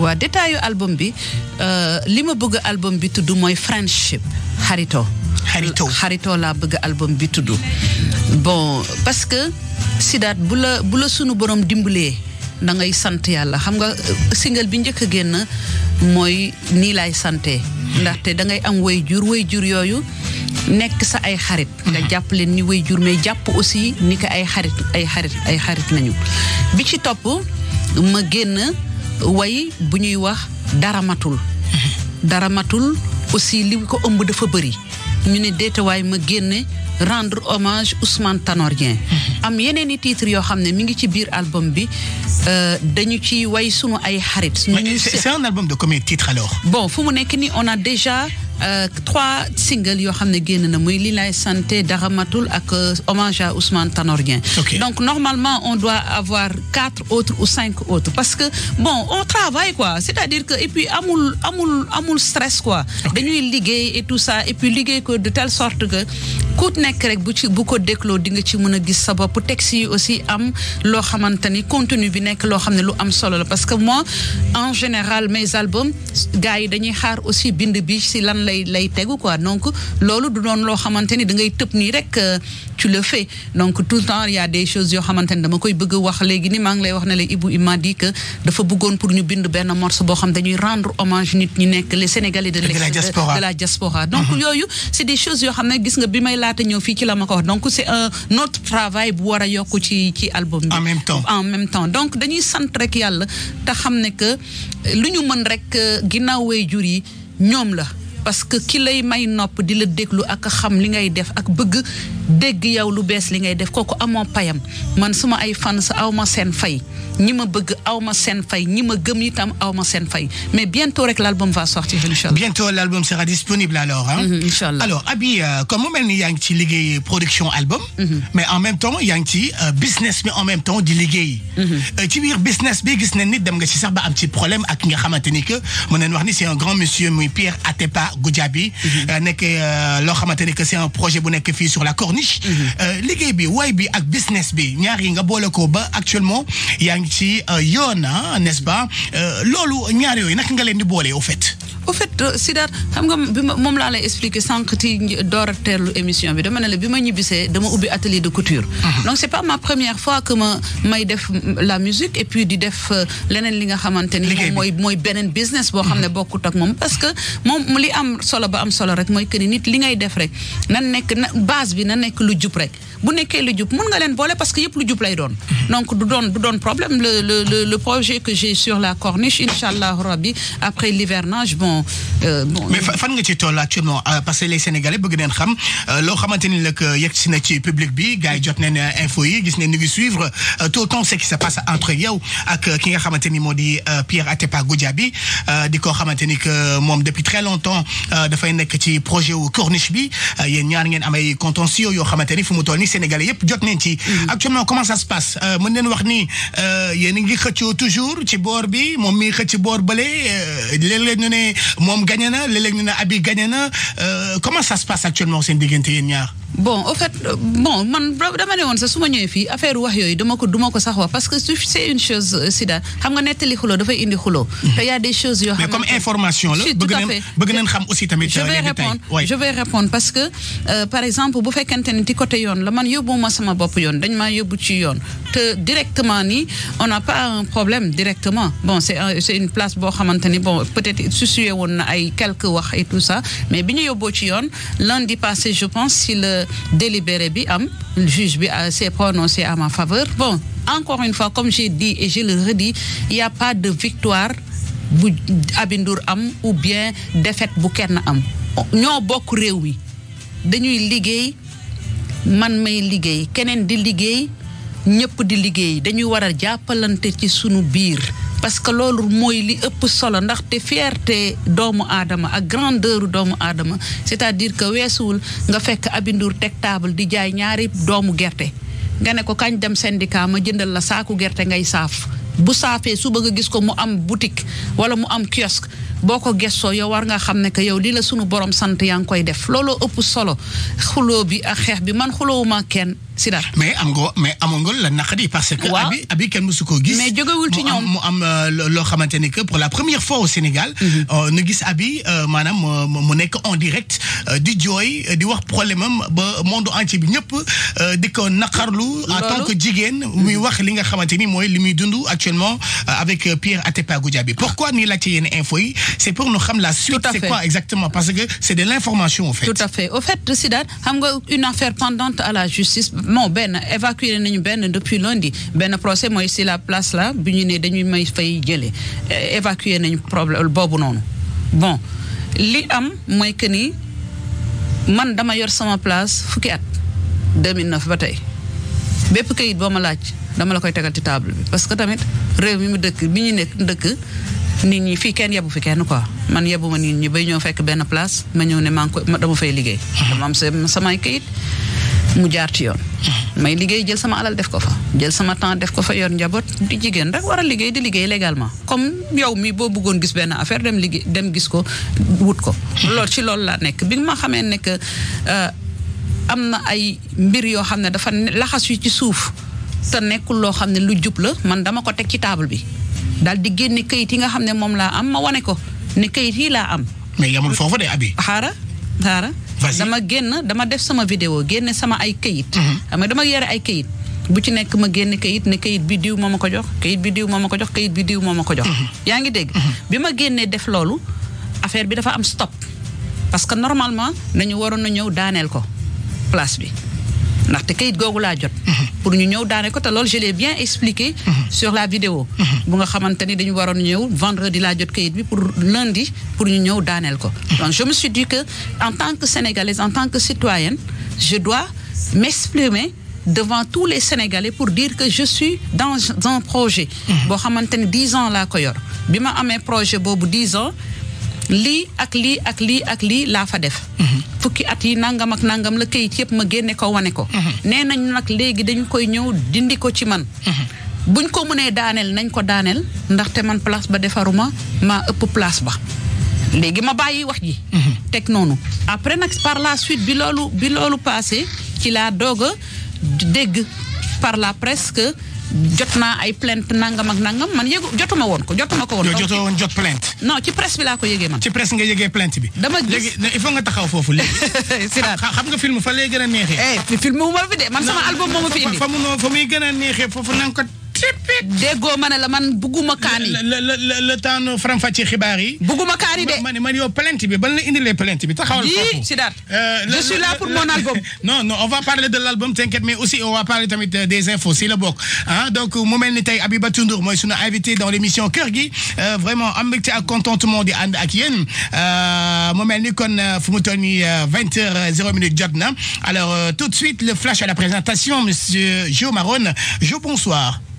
waa détail yu album bi euh, li ma bëgg album bi tudd mooy friendship xarito xarito xarito laa bëgg album bi tudd bon parce que Sidaat bu la bu la sunu borom dimbalee da ngay sant yàlla xam nga euh, single bi njëkk a génn mooy nii laay santee ndaxte da ngay am way jur way jur yooyu nekk sa ay xarit mm-hmm. nga jàpp leen ni way jur mais jàpp aussi ni ko ay xarit ay xarit ay xarit nañu bi ci topp ma génn way bu ñuy wax dara matul dara matul aussi li ko ëmb dafa bëri ñu ne deetawaay ma génne rendre hommage Ousmane Tanor Dieng am yeneen i titre yoo xam ne mi ngi ci biir album bi euh, dañu ci way sunu ay xarit. c'est un album de combien de titres fu mu nekk nii on a déjà. Euh, trois singles yoo xam ne génn na muy li lay santé Daramatul ak euh, hommage à Ousmane Tanor Dieng donc normalement on doit avoir quatre autres ou cinq autres parce que bon on travaille quoi c'est-à-dire que et puis amul amul amul stress quoi dañuy liggéey et tout ça et puis liggéey ko de telle sorte que ku nekk rek bu ci bu ko nga ci mën a gis sa bopp texte yi aussi am loo xamante ni contenu bi nekk loo xam ne lu am solo la parce que moi en général mes albums gars yi dañuy xaar aussi bind bi si lan lay lay tegu quoi donc loolu du doon loo xamante ni da ngay tëb nii rek euh, tu le fais donc tout le temps il y des choses yoo xamante ni dama koy bëgg wax léegi ni maa ngi lay wax ne la Ibou il m'a dit que dafa bëggoon pour ñu bind benn morceau boo xam dañuy rendre hommage nit ñi nekk les Sénégalais de l'extérieur de la diaspora donc mhm. yooyu c'est des choses laata ñëw fii ci la ma ko wax donc c' est un autre bu war a yokk ci ci album bi. en même temps en même temps donc dañuy sant rek yàlla te xam ne que lu ñu mën rek euh, ginnaaw jur yi ñoom la parce que ki lay may nopp di la déglu ak xam li ngay def ak bëgg. dégg yow lu bees li ngay def kooku amoo payam man suma ay fan sa aw ma seen fay ñi ma bëgg aw ma seen fay ñi ma gëm itam aw ma seen fay mais bientôt rek l'album va sortir inchallah l'album sera disponible alors mm-hmm, Abi euh, comme mu mel ni yaa ngi ci liggéey production album mm-hmm. mais en même temps yaa ci euh, business bi en même temps di liggéey mm-hmm. euh, ci biir business bi gis nañ ni dem nga ci sax ba am ci problème ak nga xamante ni que mën nañ wax ni c'est un grand monsieur muy Pierre Atepa niche. Mhm. Euh, liggéey bi way bi ak business bi ñaar yi nga boole ko ba actuellement yaa ngi ci euh, yoon ah, n'est-ce pas euh, loolu ñaar yooyu naka nga leen di boole au fait. au fait euh, Sidaat moom laa lay expliquer sànq ci doorateelu émission bi dama la bi ma ñibbisee dama ubbi atelier de couture. Mhm. donc c'est pas ma première fois que may def la musique et puis di def euh, leneen li nga xamante ni. mooy mooy beneen business boo xam ne mhm. bokkut ak moom. parce que moom li am solo ba am solo rek mooy que ni nit li ngay def rek nan nekk na base bi na nekk lu jub rek bu nekkee lu jub mun nga leen boole parce que yëpp lu jub lay doon. Mhm. donc du doon du doon problème le projet que j'ai sur la corniche incha allah rabbi après Euh, bon. mais fan nga ci toll actuellement euh, parce que les sénégalais bëgg neen xam euh, loo xamante ni nag yegg si na ci public bi gars yi jot nañ info yi gis nañ ñu ngi suivre tout le temps ce qui se passe entre yow ak ki nga xamante ni moo di Pierre Atepa Goudiaby di ko xamante ni que moom depuis très longtemps dafay nekk ci projet wu corniche bi yéen ñaar ngeen am ay contentieux yoo xamante ni fu mu toll ni sénégalais yëpp jot nañ ci. Mm. actuellement comment ça se passe mën nañ wax ni yéen a ngi xëccoo toujours ci boor bi moom mi xëcc boor bële léeg-léeg ñu ne. moom gagné na léeg-léeg ñu ne Habib gagné na euh, comment ça se passe actuellement seen diggante yéen ñaar. bon au fait euh, bon man dama ne woon sax su ma ñëwee wax yooyu dama ko duma ko sax wax parce que c'est une chose euh, sida xam nga nettali xuloo dafay indi xuloo mhm. te a des choses yoo xam comme information la bëgg nañ bëgg nañ xam yoon la ma sama ci yoon te directement ni on n'a pas un problème directement bon c'est une place boo xamante ni bon peut-être publié woon na ay quelques wax et tout ça mais bi ñu yóbboo ci yoon lundi passé je pense ci le délibéré bi am juge bi euh, s'est prononcé à ma faveur bon encore une fois comme j'ai dit et je le redis il pas de victoire bu abindur am ou bien défaite bu kenn am ñoo bokk réew mi dañuy liggéey man may liggéey keneen di liggéey ñëpp di liggéey dañuy waral jàppalante ci sunu biir parce que loolu mooy li ëpp solo ndaxte fierté doomu aadama ak grandeur doomu aadama c'est-à-dire que weesuwul nga fekk abindur teg table di jaay ñaari doomu gerte nga ne ko kañ dem syndicat a jëndal la saaku gerte ngay saaf bu saafee su bëgg a gis ko mu am boutique wala mu am kiosque boo ko gestoo yow war nga xam ne que yow li la sunu borom sant yaa ngi koy def looloo ëpp solo xuloo bi ak xeex bi man xulowuma kenn si mais am mais amoon nga la naqari parce que. waaw abi abi kenn mësu koo gis. mais jógewul ci ñoom mu am euh, loo xamante ni que pour la première fois au Sénégal. Mhm. Euh, nu gis abi euh, maanaam mu nekk en direct di jooy di wax problème am ba monde entier bi ñëpp di ko naqarlu. en tant que jigéen muy mhm. wax li nga xamante ni mooy li muy dund actuellement avec Pierre Atepa Goudiaby pourquoi ni la suite. c'est parce que c'est de l'information au fait. tout à fait au une affaire pendante à la justice. non benn évacué nañu benn depuis lundi benn procès mooy si la place la bu ñu ne dañuy may fay jëlee eh, évacué nañu problème boobu noonu bon li am mooy que ni man dama yor sama place fukki at 2009 ba tey bépp kayit boo ma laaj dama la koy tegal ci table bi parce que tamit réew mi mu dëkk bi ñu nekk dëkk nit ñi fii kenn yebu fi kenn quoi man yebu ma nit ñi bay ñëw fekk benn place ma ñëw ne maa ngi ko dama fay liggéey. Mhm. dama samay kayit. mu jaar ci yoon. may liggéey jël sama alal def ko fa jël sama temps def ko fa yor njaboot di jigéen rek war a liggéey di liggéey légalement comme yow mi boo bëggoon gis benn affaire dem liggéey dem gis ko wut ko. lool ci loolu laa nekk bi ma xamee ne que euh, am na ay mbir yoo xam ne dafa laxas yu ci suuf te nekkul loo xam ne lu jub la man dama ko teg ci table bi daal di génne kayit yi nga xam ne moom laa am ma wane ko ne kayit yi laa am. mais yamul foofu de abi. xaara dama génn dama def sama vidéo génne sama ay këyit. Mhm. xam nga dama yore ay këyit. bu ci nekk ma génn kayit ne kayit bi diw moo ma ko jox kayit bi diw moom ma ko jox kayit bi diw moo ma ko jox. Mhm. yaa ngi dégg. Mhm. bi ma génnee def loolu affaire bi dafa am stop parce que normalement nañu waroon na ñëw daaneel ko place bi ndaxte kayit googu laa jot. pour ñu ñëw daaneel ko te loolu je bien expliqué. sur la vidéo. bu nga xamante ni dañu waroon ñëw vendredi laa jot kayit bi pour lundi pour ñu ñëw daaneel ko. donc je me suis di que en tant que sénégalaise en tant que citoyenne je dois m'exprimer devant tous les sénégalais pour dire que je suis dans un projet. boo xamante ni dix ans laa ko yor bi ma amee projet boobu dix ans. lii ak lii ak lii ak lii laa fa def fukki at yi nangam ak nangam la kayit yëpp ma génne ko wane ko mhm. nee nañ nag léegi dañu koy ñëw dindi ko ci man mhm. buñ ko mënee daaneel nañ ko daaneel ndaxte man place ba defaruma maa ëpp place ba léegi ma bàyyi wax ji. Mhm. teg noonu après nag par la suite bi loolu bi loolu passé ci laa doog a dégg par la presse que jot naa ay plainte nangam ak nangam man yëgu jotuma woon ko jotuma ko woon. yow jotoo woon jot plainte. non ci presse bi laa ko yëgee man. ci presse nga yëgee plainte bi. dama gis il faut nga taxaw foofu léegi. Sidaat xam nga film fa lay gën a neexee. Eh, film wu ma fi de man sama album moo ma fi indi. a neexee foofu na ko. déggoo ma ne la man bugguma kaani. la la la le temps faram-fàccee xibaar yi. bugguma kaani de man man yow plainte bi ban la indilee plainte bi taxawal foofu. Sidaat euh, je suis là pour mon album. non on va parler de l' album mais aussi on va parler tamit euh, des infos si la bokk ah donc mu mel ni tey Abibatou Ndour mooy sunu invité dans l' émission Kër gi euh, vraiment am mbégte ak contentement di ànd ak yéen mu mel ni kon fu mu toll nii vingt heures zéro minute jot na alors tout de suite le flash à la présentation monsieur Jo Marone Jo bonsoir.